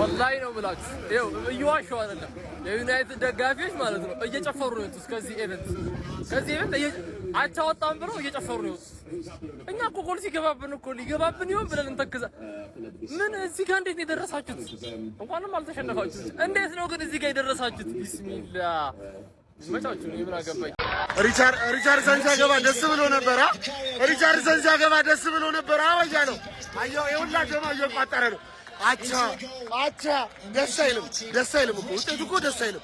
ወላሂ ነው ብላችሁ ይኸው እየዋሸሁ አይደለም። የዩናይትድ ደጋፊዎች ማለት ነው እየጨፈሩ ነው የወጡት። ከዚህ ኤቨንት ከዚህ ኤቨንት አቻ ወጣን ብለው እየጨፈሩ ነው የወጡት። እኛ እኮ ጎል ሲገባብን እኮ ሊገባብን ይሆን ብለን እንተክዛ ምን እዚህ ጋር እንዴት ነው የደረሳችሁት? እንኳንም አልተሸነፋችሁት። እንዴት ነው ግን እዚህ ጋር የደረሳችሁት? ቢስሚላ ይመቻችሁ። ነው ሲያገባ ደስ ብሎ ነበር። ሪቻርድሰን ሲያገባ ደስ ብሎ ነበር። አበሻ ነው። አየሁ የሁላቸውም አየሁ ነው አቻ አቻ ደስ አይልም፣ ደስ አይልም እኮ ውጤቱ እኮ ደስ አይልም።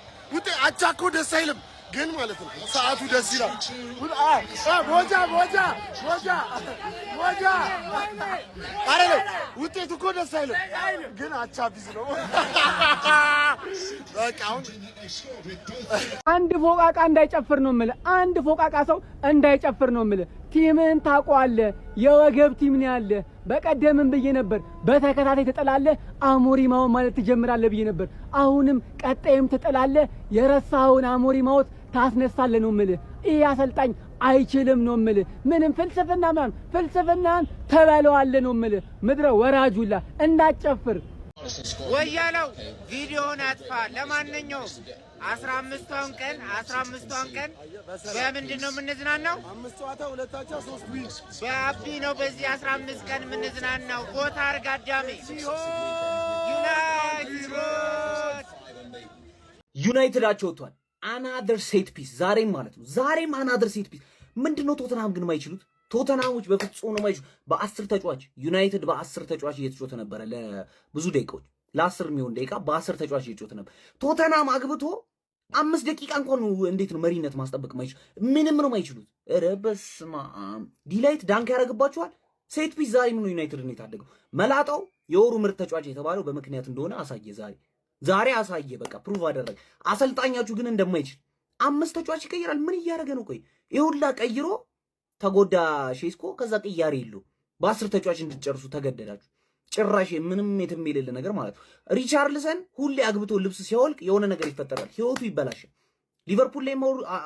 አቻ እኮ ደስ አይልም፣ ግን ማለት ነው ሰዓቱ ደስ ይላል። ሞጃ ሞጃ ሞጃ ሞጃ አረ ነው ውጤቱ እኮ ደስ አይልም፣ ግን አቻ ቢዝ ነው። በቃ አሁን አንድ ፎቃቃ እንዳይጨፍር ነው የምልህ። አንድ ፎቃቃ ሰው እንዳይጨፍር ነው የምልህ። ቲምን ታቋለ የወገብ ቲም ነው ያለ። በቀደምም ብዬ ነበር በተከታታይ ትጥላለህ፣ አሞሪማውን ማለት ትጀምራለህ ብዬ ነበር። አሁንም ቀጣይም ትጥላለህ፣ የረሳኸውን አሞሪማዎት ታስነሳለህ ነው የምልህ። ይህ አሰልጣኝ አይችልም ነው የምልህ። ምንም ፍልስፍና ምናምን ፍልስፍናን ተበለዋለህ ነው የምልህ። ምድረ ወራጁላ እንዳጨፍር ወያለው ቪዲዮን አጥፋ። ለማንኛውም አስራ አምስቷን ቀን አስራ አምስቷን ቀን በምንድን ነው የምንዝናናው? በአቢ ነው። በዚህ አስራ አምስት ቀን የምንዝናናው ቦታ አርጋዳሜ አዳሜ ዩናይትዳቸው ወጥቷል። አናደር ሴት ፒስ ዛሬም ማለት ነው። ዛሬም አናደር ሴት ፒስ ምንድን ነው ቶተናም ግን ማይችሉት ቶተናሞች በፍጹም ነው ማይችሉ። በአስር ተጫዋች ዩናይትድ በአስር ተጫዋች እየተጫወተ ነበረ ለብዙ ደቂቃዎች ለአስር የሚሆን ደቂቃ በአስር ተጫዋች እየተጫወተ ነበር። ቶተናም አግብቶ አምስት ደቂቃ እንኳን እንዴት ነው መሪነት ማስጠበቅ ማይችሉ? ምንም ነው ማይችሉት። ኧረ በስመ አብ ዲላይት ዳንክ ያደርግባቸዋል። ሴት ፒስ ዛሬ ምን ዩናይትድ ነው የታደገው? መላጣው የወሩ ምርጥ ተጫዋች የተባለው በምክንያት እንደሆነ አሳየ። ዛሬ ዛሬ አሳየ። በቃ ፕሩቭ አደረገ። አሰልጣኛችሁ ግን እንደማይችል አምስት ተጫዋች ይቀይራል። ምን እያደረገ ነው? ቆይ ይሁላ ቀይሮ ተጎዳ ሼስኮ። ከዛ ቅያሬ የለው በአስር ተጫዋች እንድትጨርሱ ተገደዳችሁ። ጭራሽ ምንም የትም የሌለ ነገር ማለት ነው። ሪቻርልሰን ሁሌ አግብቶ ልብስ ሲያወልቅ የሆነ ነገር ይፈጠራል፣ ህይወቱ ይበላሻል። ሊቨርፑል ላይ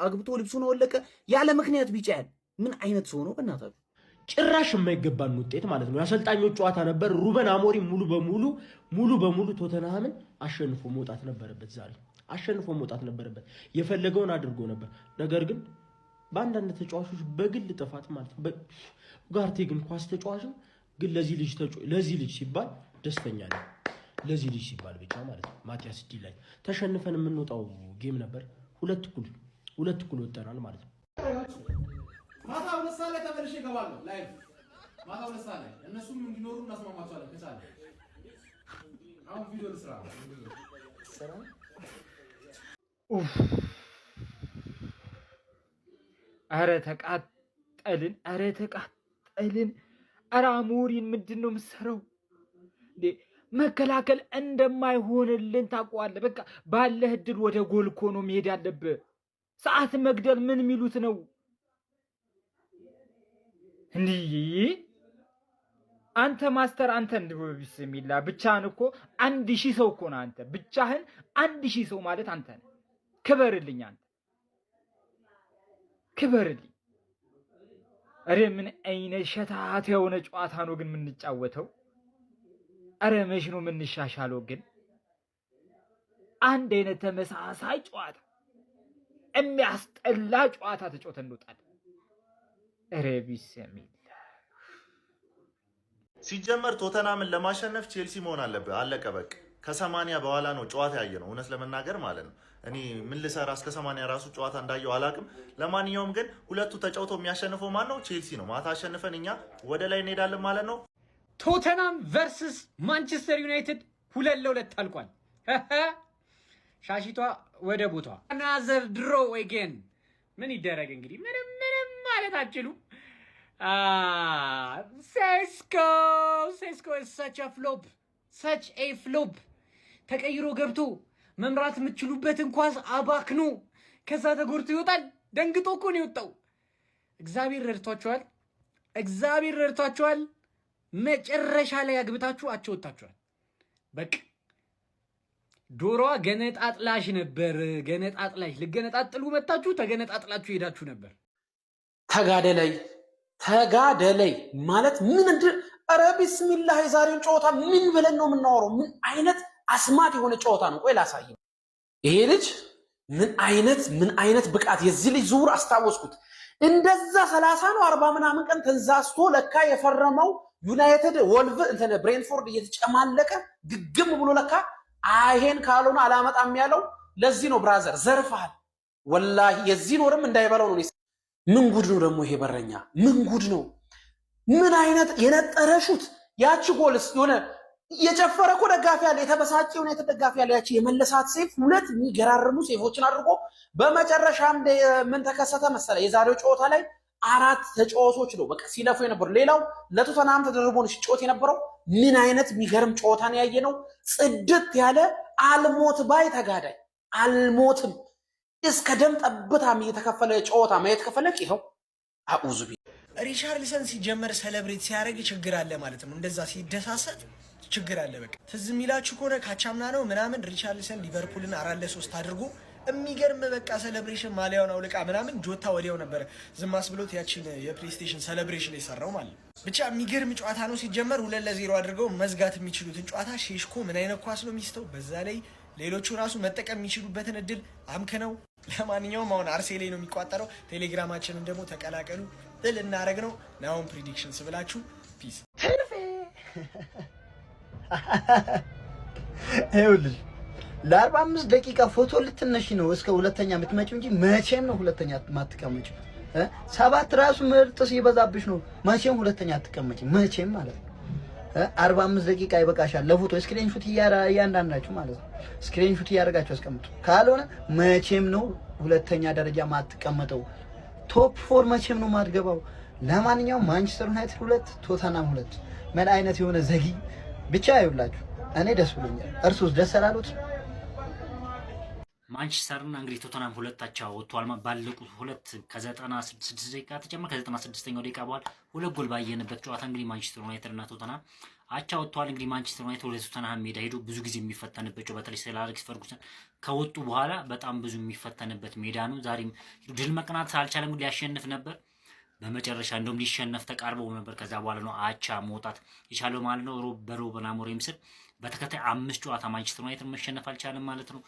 አግብቶ ልብሱን አወለቀ ያለ ምክንያት ቢጫ ያል ምን አይነት ሰው ነው በእናታችሁ? ጭራሽ የማይገባን ውጤት ማለት ነው። የአሰልጣኞች ጨዋታ ነበር። ሩበን አሞሪ ሙሉ በሙሉ ሙሉ በሙሉ ቶተንሃምን አሸንፎ መውጣት ነበረበት። ዛሬ አሸንፎ መውጣት ነበረበት። የፈለገውን አድርጎ ነበር፣ ነገር ግን በአንዳንድ ተጫዋቾች በግል ጥፋት ማለት ጋርቴ ግን ኳስ ተጫዋችም ግን ለዚህ ልጅ ለዚህ ልጅ ሲባል ደስተኛ ነው። ለዚህ ልጅ ሲባል ብቻ ማለት ነው። ማቲያስ ዲ ላይ ተሸንፈን የምንወጣው ጌም ነበር። ሁለት እኩል ሁለት እኩል ወጠናል ማለት ነው። ማታ ሁለት ሰዓት ላይ ተመልሼ እገባለሁ። ላይ ማታ ሁለት ሰዓት ላይ እነሱም እንዲኖሩ እናስማማቸዋለን። ከቻለ አሁን ቪዲዮ ልስራ ስራ አረ ተቃጠልን፣ አረ ተቃጠልን፣ አረ አሞሪን ምንድን ነው የምትሰራው? መከላከል እንደማይሆንልን ታውቀዋለህ። በቃ ባለህ እድል ወደ ጎል እኮ ነው መሄድ አለብህ። ሰዓት መግደል ምን የሚሉት ነው? እንዲህ አንተ ማስተር አንተ እንድብስ የሚላ ብቻህን እኮ አንድ ሺህ ሰው እኮ ነህ አንተ ብቻህን አንድ ሺህ ሰው ማለት አንተ ነህ። ክበርልኝ አንተ ክበርልኝ። እረ ምን አይነት ሸታት የሆነ ጨዋታ ነው ግን የምንጫወተው? እረ መች ነው የምንሻሻለው ግን? አንድ አይነት ተመሳሳይ ጨዋታ፣ የሚያስጠላ ጨዋታ ተጫውተን እንወጣለን። እረ ቢሰሚል ሲጀመር ቶተናምን ለማሸነፍ ቼልሲ መሆን አለብህ። አለቀ በቃ። ከሰማንያ በኋላ ነው ጨዋታ ያየ ነው እውነት ለመናገር ማለት ነው። እኔ ምን ልሰራ እስከ ሰማንያ ራሱ ጨዋታ እንዳየው አላቅም። ለማንኛውም ግን ሁለቱ ተጫውተው የሚያሸንፈው ማን ነው? ቼልሲ ነው። ማታ አሸንፈን እኛ ወደ ላይ እንሄዳለን ማለት ነው። ቶተናም ቨርስስ ማንቸስተር ዩናይትድ ሁለት ለሁለት አልቋል። ሻሽቷ ወደ ቦታ ናዘር ድሮ ወይጌን ምን ይደረግ እንግዲህ ምንም ምንም ማለት አችሉ። ሴስኮ ሴስኮ ሰች ፍሎፕ ሰች ኤ ፍሎፕ ተቀይሮ ገብቶ መምራት የምትችሉበትን ኳስ አባክኖ ከዛ ተጎድቶ ይወጣል። ደንግጦ እኮ ነው የወጣው። እግዚአብሔር ረድቷቸዋል። እግዚአብሔር ረድቷቸዋል። መጨረሻ ላይ አግብታችሁ አቸወታችኋል። በቃ ዶሮዋ ገነጣጥላሽ ነበር። ገነጣጥላሽ ልገነጣጥሉ መታችሁ፣ ተገነጣጥላችሁ ሄዳችሁ ነበር። ተጋደለይ ተጋደለይ ማለት ምን እንድ ኧረ ቢስሚላህ የዛሬውን ጨዋታ ምን ብለን ነው የምናወራው? ምን አይነት አስማት የሆነ ጨዋታ ነው። ቆይ ላሳይ። ይሄ ልጅ ምን አይነት ምን አይነት ብቃት የዚህ ልጅ ዝውውር አስታወስኩት። እንደዛ ሰላሳ ነው አርባ ምናምን ቀን ተንዛዝቶ ለካ የፈረመው ዩናይትድ ወልቭ እንትን ብሬንፎርድ እየተጨማለቀ ግግም ብሎ ለካ አይሄን ካልሆነ አላመጣም ያለው ለዚህ ነው። ብራዘር ዘርፋል ወላሂ የዚህ ኖርም እንዳይበላው ነው። ምን ጉድ ነው ደግሞ ይሄ በረኛ! ምን ጉድ ነው! ምን አይነት የነጠረ ሹት! ያቺ ጎልስ የሆነ የጨፈረ እኮ ደጋፊ ያለ የተበሳጭ ዩናይትድ ደጋፊ ያለ ያቺ የመለሳት ሴፍ ሁለት የሚገራርሙ ሴፎችን አድርጎ በመጨረሻም ምን ተከሰተ መሰለ? የዛሬው ጨዋታ ላይ አራት ተጫዋቾች ነው በቃ ሲለፉ የነበሩ። ሌላው ለቶተናም ተደርቦ ነው ሲጫወት የነበረው። ምን አይነት የሚገርም ጨዋታ ነው ያየ ነው! ጽድት ያለ አልሞት ባይ ተጋዳይ አልሞትም እስከ ደም ጠብታም እየተከፈለ ጨዋታ ማየት ከፈለክ ይኸው አኡዙቢ ሪቻርሊሰን ሲጀመር ሴሌብሬት ሲያደርግ ችግር አለ ማለት ነው እንደዛ ሲደሳሰጥ ችግር አለ። በቃ ትዝ የሚላችሁ ከሆነ ካቻምና ነው ምናምን ሪቻርሊሰን ሊቨርፑልን አራት ለሶስት አድርጎ የሚገርም በቃ ሴሌብሬሽን ማሊያውን አውልቃ ምናምን ጆታ ወዲያው ነበር ዝማስ ብሎት ያችን የፕሌስቴሽን ሴሌብሬሽን የሰራው ማለት ብቻ የሚገርም ጨዋታ ነው። ሲጀመር ሁለት ለዜሮ አድርገው መዝጋት የሚችሉትን ጨዋታ ሼሽኮ ምን አይነት ኳስ ነው የሚስተው። በዛ ላይ ሌሎቹ ራሱ መጠቀም የሚችሉበትን እድል ነው ለማንኛውም አሁን አርሴሌ ነው የሚቋጠረው። ቴሌግራማችንን ደግሞ ተቀላቀሉ። ጥል እናደረግ ነው ናሁን ፕሪዲክሽንስ ብላችሁ ፒስ ይኸውልሽ ለአርባ አምስት ደቂቃ ፎቶ ልትነሺ ነው እስከ ሁለተኛ የምትመጪው እንጂ መቼም ነው ሁለተኛ ማትቀመጭ። ሰባት ራሱ ምርጥ ሲበዛብሽ ነው። መቼም ሁለተኛ አትቀመጭ፣ መቼም ማለት ነው። አርባ አምስት ደቂቃ ይበቃሻል ለፎቶ። ስክሪን ሹት እያንዳንዳችሁ ማለት ነው ስክሪን ሹት እያደረጋችሁ አስቀምጡ። ካልሆነ መቼም ነው ሁለተኛ ደረጃ ማትቀመጠው። ቶፕ ፎር መቼም ነው ማትገባው። ለማንኛውም ማንቸስተር ዩናይትድ ሁለት ቶተናም ሁለት ምን አይነት የሆነ ዘጊ ብቻ ይውላችሁ፣ እኔ ደስ ብሎኛል። እርሱስ ደስ አላሉት? ማንቸስተርና እንግዲህ ቶተናም ሁለታቸው ወጥቷል። ባለቁት ሁለት ከዘጠና ስድስት ደቂቃ ተጨማ ከዘጠና ስድስተኛው ደቂቃ በኋላ ሁለት ጎል ባየንበት ጨዋታ እንግዲህ ማንቸስተር ዩናይትድ እና ቶተናም አቻ ወጥተዋል። እንግዲህ ማንቸስተር ዩናይትድ ወደ ቶተናም ሜዳ ሄዶ ብዙ ጊዜ የሚፈተንበት ጨዋታ በተለይ ስለ አሌክስ ፈርጉሰን ከወጡ በኋላ በጣም ብዙ የሚፈተንበት ሜዳ ነው። ዛሬም ድል መቅናት አልቻለም፣ ሊያሸንፍ ነበር በመጨረሻ እንደውም ሊሸነፍ ተቃርበው ነበር። ከዛ በኋላ ነው አቻ መውጣት የቻለው ማለት ነው። በሩበን አሞሪም ስር በተከታይ አምስት ጨዋታ ማንቸስተር ዩናይትድ መሸነፍ አልቻለም ማለት ነው።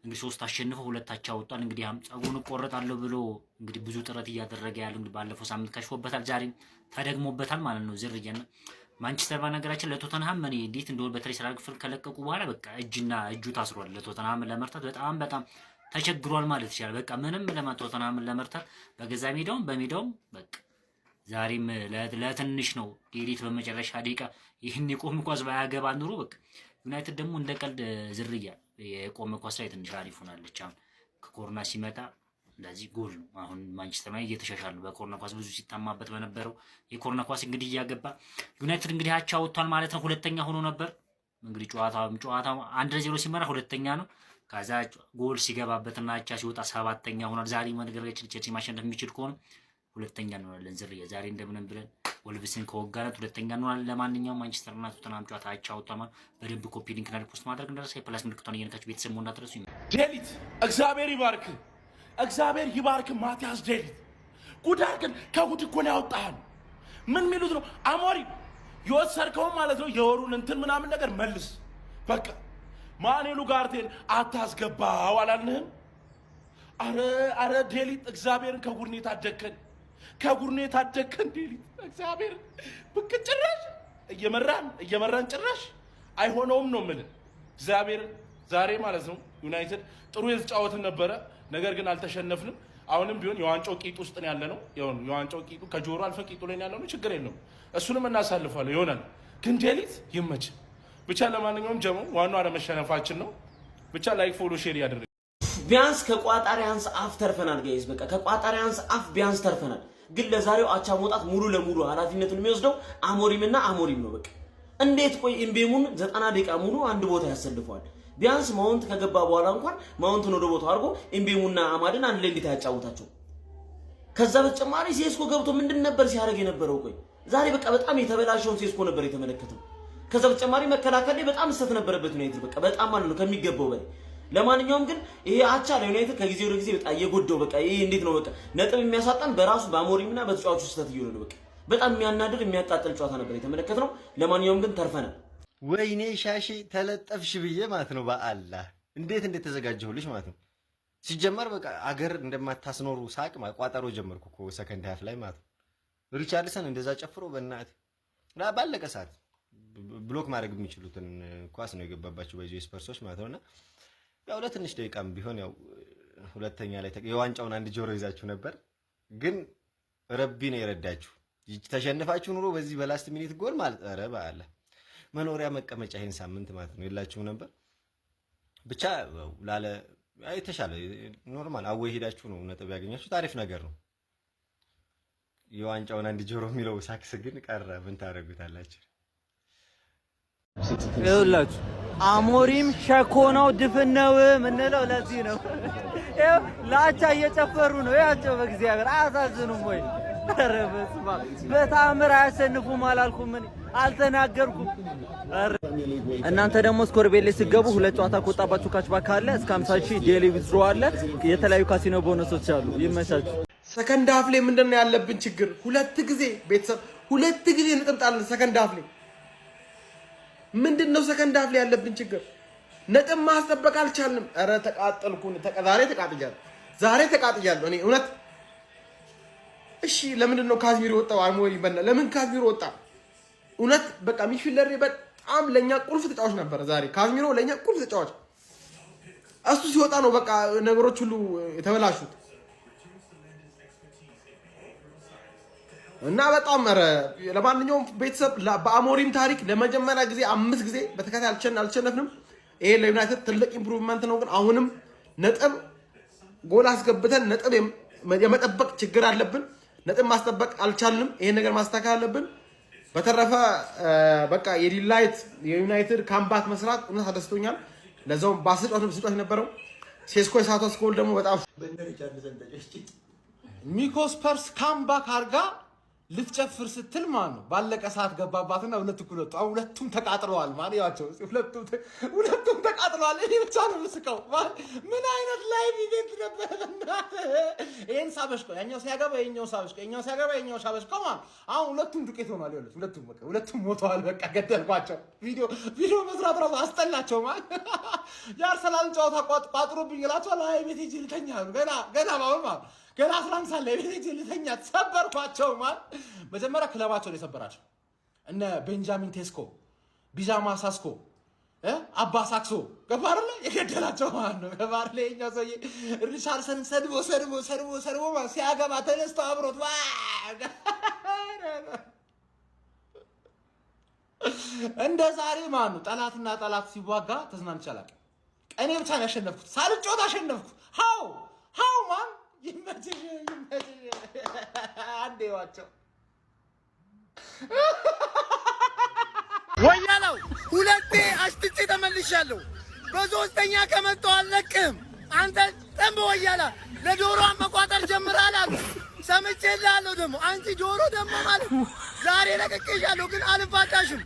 እንግዲህ ሶስት አሸንፎ ሁለት አቻ ወጧል። እንግዲህ አምጻጉን እቆረጣለሁ ብሎ እንግዲህ ብዙ ጥረት እያደረገ ያለው እንግዲህ ባለፈው ሳምንት ከሽፎበታል፣ ዛሬም ተደግሞበታል ማለት ነው። ዝርያና ማንቸስተር በነገራችን ለቶተንሃም እኔ እንዴት እንደሆነ በተለይ ስራ ክፍል ከለቀቁ በኋላ በቃ እጅና እጁ ታስሯል። ለቶተንሃም ለመርታት በጣም በጣም ተቸግሯል ማለት ይችላል። በቃ ምንም ለማን ቶተንሃምን ለመርታት በገዛ ሜዳውም በሜዳውም በቃ ዛሬም ለትንሽ ነው ዴሪት በመጨረሻ ደቂቃ ይህን የቆመ ኳስ ባያገባ ኑሮ በቃ ዩናይትድ ደግሞ እንደ ቀልድ ዝርያ የቆመ ኳስ ላይ ትንሽ አሪፍ ሆናለች። አሁን ከኮርና ሲመጣ እንደዚህ ጎል ነው። አሁን ማንቸስተር ላይ እየተሻሻሉ ነው። በኮርና ኳስ ብዙ ሲታማበት በነበረው የኮርና ኳስ እንግዲህ እያገባ ዩናይትድ እንግዲህ አቻ ወጥቷል ማለት ነው። ሁለተኛ ሆኖ ነበር እንግዲህ ጨዋታ ጨዋታ አንድ ለዜሮ ሲመራ ሁለተኛ ነው። ከዛ ጎል ሲገባበትና አቻ ሲወጣ ሰባተኛ ሆኗል። ዛሬ መንገርጋችን ቼልሲ ማሸነፍ የሚችል ከሆነ ሁለተኛ እንሆናለን። ዝርየ ዛሬ እንደምንም ብለን ወልቭስን ከወጋነት ሁለተኛ እንሆናለን። ለማንኛውም ማንቸስተር እና ቶተናም ጨዋታ አቻ ወጥቷል። በደንብ ኮፒ ሊንክና ሪፖስት ማድረግ እንደረሳ የፕላስ ምልክቷን እየነካችሁ ቤተሰብ መሆን እንዳትረሱ። ዴሊት እግዚአብሔር ይባርክ፣ እግዚአብሔር ይባርክ። ማቲያስ ዴሊት ጉዳር ግን ከጉድ እኮ ነው ያወጣሃል። ምን የሚሉት ነው አሞሪ የወሰድከውን ማለት ነው የወሩን እንትን ምናምን ነገር መልስ በቃ ማኔሉ ጋርቴን አታስገባው አላልንህም? አረ አረ ዴሊት እግዚአብሔርን ከጉርኔት አደከን፣ ከጉርኔት አደከን። ዴሊት እግዚአብሔር ብቅ ጭራሽ እየመራን እየመራን ጭራሽ አይሆነውም ነው የምልህ። እግዚአብሔር ዛሬ ማለት ነው ዩናይትድ ጥሩ የተጫወትን ነበረ፣ ነገር ግን አልተሸነፍንም። አሁንም ቢሆን የዋንጫው ቂጥ ውስጥ ነው ያለነው። የዋንጫው ቂጡ ከጆሮ አልፈ ቂጡ ላይ ያለነው ችግር የለውም። እሱንም እናሳልፋለሁ ይሆናል። ግን ዴሊት ይመችህ። ብቻ ለማንኛውም ጀሞ ዋናው አለመሸነፋችን ነው። ብቻ ላይክ፣ ፎሎ፣ ሼር ያደርግ። ቢያንስ ከቋጣሪያንስ አፍ ተርፈናል ጋይዝ። በቃ ከቋጣሪያንስ አፍ ቢያንስ ተርፈናል። ግን ለዛሬው አቻ መውጣት ሙሉ ለሙሉ ኃላፊነቱን የሚወስደው አሞሪምና አሞሪም ነው። በቃ እንዴት ቆይ ኢምቤሙን ዘጠና ደቂቃ ሙሉ አንድ ቦታ ያሰልፈዋል? ቢያንስ ማውንት ከገባ በኋላ እንኳን ማውንትን ወደ ቦታው አድርጎ ኢምቤሙና አማድን አንድ ላይ እንዴት ከዛ በተጨማሪ ሴስኮ ገብቶ ምንድን ነበር ሲያደርግ የነበረው? ቆይ ዛሬ በቃ በጣም የተበላሸውን ሴስኮ ነበር የተመለከተው። ከዛ በተጨማሪ መከላከል ላይ በጣም ስህተት ነበረበት ዩናይትድ፣ በቃ በጣም ማለት ነው ከሚገባው በላይ። ለማንኛውም ግን ይሄ አቻ ለዩናይትድ ከጊዜ ወደ ጊዜ በጣም እየጎዳው በቃ ይሄ እንዴት ነው በቃ ነጥብ የሚያሳጣን በራሱ በአሞሪምና በተጫዋቹ ስህተት እየሆነ ነው። በቃ በጣም የሚያናድር የሚያጣጥል ጨዋታ ነበር የተመለከትነው። ለማንኛውም ግን ተርፈናል። ወይኔ ሻሺ ተለጠፍሽ ብዬ ማለት ነው። በአላህ እንዴት እንዴት ተዘጋጀሁልሽ ማለት ነው። ሲጀመር በቃ አገር እንደማታስኖሩ ሳቅ ማቋጠሮ ጀመርኩ እኮ ሰከንድ ሀፍ ላይ ማለት ነው። ሪቻርድሰን እንደዛ ጨፍሮ በእናት ባለቀ ሰዓት ብሎክ ማድረግ የሚችሉትን ኳስ ነው የገባባቸው በዚ ስፐርሶች ማለት ነው። እና ያው ለትንሽ ደቂቃም ቢሆን ያው ሁለተኛ ላይ የዋንጫውን አንድ ጆሮ ይዛችሁ ነበር፣ ግን ረቢ ነው የረዳችሁ። ተሸንፋችሁ ኑሮ በዚህ በላስት ሚኒት ጎል ማለት በአለ መኖሪያ መቀመጫ ይህን ሳምንት ማለት ነው የላችሁም ነበር። ብቻ ላለ የተሻለ ኖርማል አወይ ሄዳችሁ ነው ነጥብ ያገኛችሁ። አሪፍ ነገር ነው። የዋንጫውን አንድ ጆሮ የሚለው ሳክስ ግን ቀረ። ምን ታደርጉታላችሁ? ይኸውላችሁ አሞሪም ሸኮ ነው ድፍን ነው የምንለው ለዚህ ነው። ለአቻ እየጨፈሩ ነው ያቸው። በእግዚአብሔር አያሳዝኑም ወይ? ኧረ በስመ አብ በተአምር አያሸንፉም አላልኩም፣ ምን አልተናገርኩም። እናንተ ደግሞ ስኮርቤሌ ስገቡ ሁለት ጨዋታ ከወጣባችሁ ካችባክ አለ እስከ 50 ሺህ ዴሊ ዊዝድሮ አለ። የተለያዩ ካሲኖ ቦነሶች አሉ። ይመቻችሁ። ሰከንድ ሀፍ ላይ ምንድን ነው ያለብን ችግር? ሁለት ጊዜ ቤተሰብ ሁለት ጊዜ እንጥምጣለን ሰከንድ ሀፍ ላይ ምንድን ነው ሰከንድ ሀፍ ላይ ያለብን ችግር? ነጥብ ማስጠበቅ አልቻልንም። ኧረ ተቃጠልኩን። ዛሬ ተቃጥያለሁ። ዛሬ ተቃጥያለሁ። እኔ እውነት እሺ፣ ለምንድን ነው ካዝሚር ወጣው? አርሞሪ ይበና ለምን ካዝሚር ወጣ? እውነት በቃ ሚድፊልደር በጣም ለኛ ቁልፍ ተጫዋች ነበረ። ዛሬ ካዝሚሮ ለኛ ቁልፍ ተጫዋች እሱ ሲወጣ ነው በቃ ነገሮች ሁሉ የተበላሹት። እና በጣም ኧረ ለማንኛውም ቤተሰብ በአሞሪም ታሪክ ለመጀመሪያ ጊዜ አምስት ጊዜ በተከታታይ አልቸነፍንም። ይሄ ለዩናይትድ ትልቅ ኢምፕሩቭመንት ነው። ግን አሁንም ነጥብ ጎል አስገብተን ነጥብ የመጠበቅ ችግር አለብን። ነጥብ ማስጠበቅ አልቻልንም። ይሄን ነገር ማስተካከል አለብን። በተረፈ በቃ የዲላይት የዩናይትድ ካምባክ መስራት እውነት አደስቶኛል። ለዛውም በአስር ስጫት ነበረው ሴስኮ የሳቷ ደግሞ በጣም ሚኮስፐርስ ካምባክ አርጋ ልትጨፍር ስትል ማለት ነው ባለቀ ሰዓት ገባባትና ሁለት እኩል ወጡ። ሁለቱም ተቃጥለዋል ማለት ያቸው ሁለቱም ተቃ ተቃጥሏል። እኔ ብቻ ነው ምስቀው። ምን አይነት ላይቭ ኢቨንት ነበር? ይህን ሳበሽቀው ያኛው ሲያገባ የኛው ሳበሽቀው፣ የኛው ሲያገባ የኛው ሳበሽቀው። አሁን ሁለቱም ዱቄት ሆኗል። ይኸውልህ ሁለቱም በቃ ሁለቱም ሞተዋል። በቃ ገደልኳቸው። ቪዲዮ ቪዲዮ መስራት ራሱ አስጠላቸው። ማለት የአርሰናል ጨዋታ ቋጥሮብኝ እላቸዋለሁ። አይ ቤት ሂጅ ልተኛ ገና ገና ባሁን ማለት ገና አስራ አንድ ቤት ሂጅ ልተኛ ሰበርኳቸው። ማ መጀመሪያ ክለባቸው ነው የሰበራቸው እነ ቤንጃሚን ቴስኮ ቢዛማ ሳስኮ አባ ሳክሶ ገባርለ የገደላቸው ማለት ነው። ገባ አይደለ? የኛ ሰውዬ ሪቻርሰንን ሰድቦ ሰድቦ ሰድቦ ሰድቦ ሲያገባ ተነስቶ አብሮት እንደ ዛሬ ማለት ነው። ጠላትና ጠላት ሲዋጋ ተዝናንቼ አላውቅም። እኔ ብቻ ነው ያሸነፍኩት። ሳልጮት አሸነፍኩ። ሀው ሀው ማን ይመችሽ አንዴ አንዴዋቸው ወያለው ሁለቴ አሽትቼ ተመልሻለሁ። በሶስተኛ ከመጣሁ አልለቅህም። አንተ ጠንብ ወያላ ለዶሮዋ መቋጠር ጀምራል አሉ። ሰምቼ ላለሁ ደግሞ አንቺ ጆሮ ደግሞ ማለት ዛሬ ለቅቄሻለሁ፣ ግን አልፋታሽም።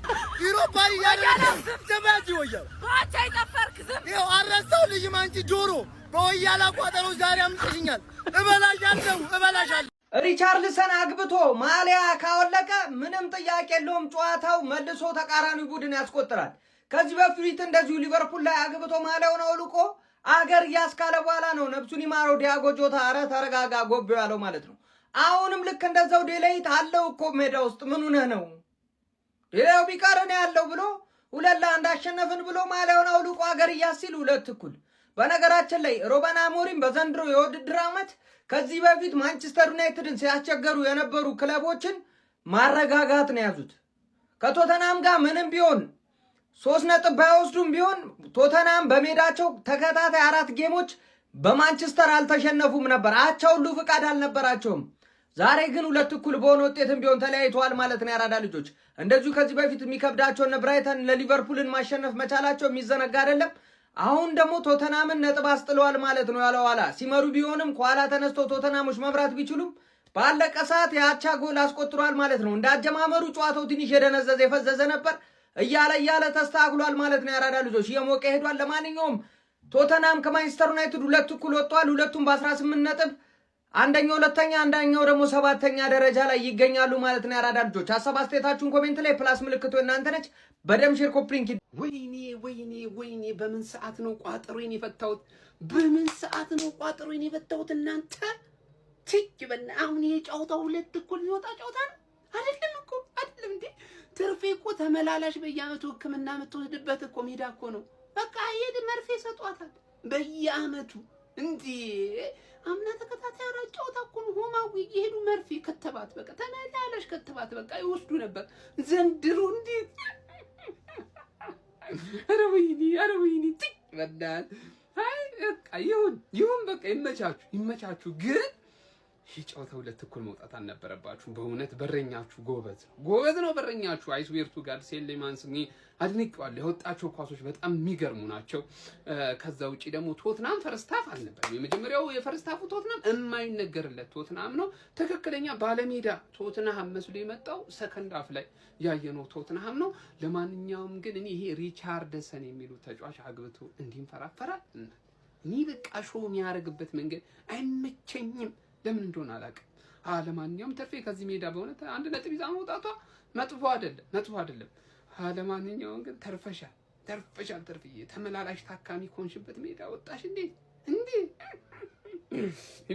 ዩሮፓ ያደረሰባጅ ወያል ባቻ ይጠፈርክ ዝም ይኸው አረሳው ልጅም አንቺ ጆሮ በወያላ ቋጠሮች ዛሬ አምጥሽኛል። እበላሻለሁ፣ እበላሻለሁ ሪቻርልሰን አግብቶ ማሊያ ካወለቀ ምንም ጥያቄ የለውም፣ ጨዋታው መልሶ ተቃራኒ ቡድን ያስቆጥራል። ከዚህ በፊት እንደዚሁ ሊቨርፑል ላይ አግብቶ ማሊያውን አውልቆ አገር እያስካለ በኋላ ነው ነብሱን ይማረው ዲያጎ ጆታ፣ ኧረ ተረጋጋ ጎብ ያለው ማለት ነው። አሁንም ልክ እንደዛው ዴሌይት አለው እኮ ሜዳ ውስጥ ምን ሆነህ ነው ሌላው ቢቀር እኔ ያለው ብሎ ሁለት ለአንድ አሸነፍን ብሎ ማሊያውን አውልቆ አገር እያስ ሲል ሁለት እኩል በነገራችን ላይ ሮበን አሞሪም በዘንድሮ የውድድር ዓመት ከዚህ በፊት ማንቸስተር ዩናይትድን ሲያስቸገሩ የነበሩ ክለቦችን ማረጋጋት ነው ያዙት። ከቶተናም ጋር ምንም ቢሆን ሶስት ነጥብ ባይወስዱም ቢሆን ቶተናም በሜዳቸው ተከታታይ አራት ጌሞች በማንቸስተር አልተሸነፉም ነበር። አቻ ሁሉ ፍቃድ አልነበራቸውም። ዛሬ ግን ሁለት እኩል በሆነ ውጤትም ቢሆን ተለያይተዋል ማለት ነው። ያራዳ ልጆች እንደዚሁ ከዚህ በፊት የሚከብዳቸውን ብራይተን ለሊቨርፑልን ማሸነፍ መቻላቸው የሚዘነጋ አይደለም። አሁን ደግሞ ቶተናምን ነጥብ አስጥለዋል ማለት ነው። ያለ ኋላ ሲመሩ ቢሆንም ከኋላ ተነስቶ ቶተናሞች መብራት ቢችሉም ባለቀ ሰዓት የአቻ ጎል አስቆጥሯል ማለት ነው። እንደ አጀማመሩ ጨዋታው ትንሽ የደነዘዘ የፈዘዘ ነበር። እያለ እያለ ተስተካክሏል ማለት ነው። ያራዳ ልጆች እየሞቀ ሄዷል። ለማንኛውም ቶተናም ከማንቸስተር ዩናይትድ ሁለት እኩል ወጥቷል። ሁለቱም በ18 ነጥብ አንደኛው ሁለተኛ፣ አንደኛው ደግሞ ሰባተኛ ደረጃ ላይ ይገኛሉ ማለት ነው። ያራዳ ልጆች ሀሳብ አስተያየታችሁን ኮሜንት ላይ ፕላስ ምልክቱ እናንተ ነች። በደም ሼር ኮፕሊንክ ወይኔ ወይኔ ወይኔ በምን ሰዓት ነው ቋጠሮን የፈታሁት? በምን ሰዓት ነው ቋጠሮን የፈታሁት? እናንተ ትክ በና። አሁን ይሄ ሁለት እኩል የሚወጣ ጨዋታ ነው አይደለም እኮ አይደለም እንዴ? ትርፌ እኮ ተመላላሽ በየአመቱ ህክምና የምትወስድበት እኮ ሜዳ እኮ ነው። በቃ ሄድ መርፌ ሰጧታል በየአመቱ እንዴ አምና ተከታታይ አራት ጨዋታ እኮ ነው። ሆማዊ እየሄዱ መርፌ ከተባት በቃ ተመላላሽ ከተባት በቃ ይወስዱ ነበር። ዘንድሮ እንዴት ኧረ ወይኔ ኧረ ወይኔ በቃ ይሁን ይሁን በቃ ይመቻችሁ ይመቻችሁ ግን ይህ ጨዋታ ሁለት እኩል መውጣት አልነበረባችሁም። በእውነት በረኛችሁ ጎበዝ ጎበዝ ነው በረኛችሁ። አይስዌርቱ ጋር ሴሌማንስ እኔ አድንቀዋለሁ። የወጣቸው ኳሶች በጣም የሚገርሙ ናቸው። ከዛ ውጭ ደግሞ ቶትናም ፈርስታፍ አልነበረም። የመጀመሪያው የፈርስታፉ ቶትናም የማይነገርለት ቶትናም ነው። ትክክለኛ ባለሜዳ ቶትናሃም መስሎ የመጣው ሰከንድ አፍ ላይ ያየነው ቶትናም ነው። ለማንኛውም ግን እኔ ይሄ ሪቻርድሰን የሚሉ ተጫዋች አግብቶ እንዲንፈራፈራል እኔ በቃ ሾ የሚያደርግበት መንገድ አይመቸኝም። ለምን እንደሆነ አላውቅም። አለማንኛውም ተርፌ ከዚህ ሜዳ በእውነት አንድ ነጥብ ይዛ መውጣቷ መጥፎ አይደለም፣ መጥፎ አይደለም። ለማንኛውም ግን ተርፈሻል፣ ተርፈሻል። ተርፍዬ ተመላላሽ ታካሚ ከሆንሽበት ሜዳ ወጣሽ እንዴ! እንዴ!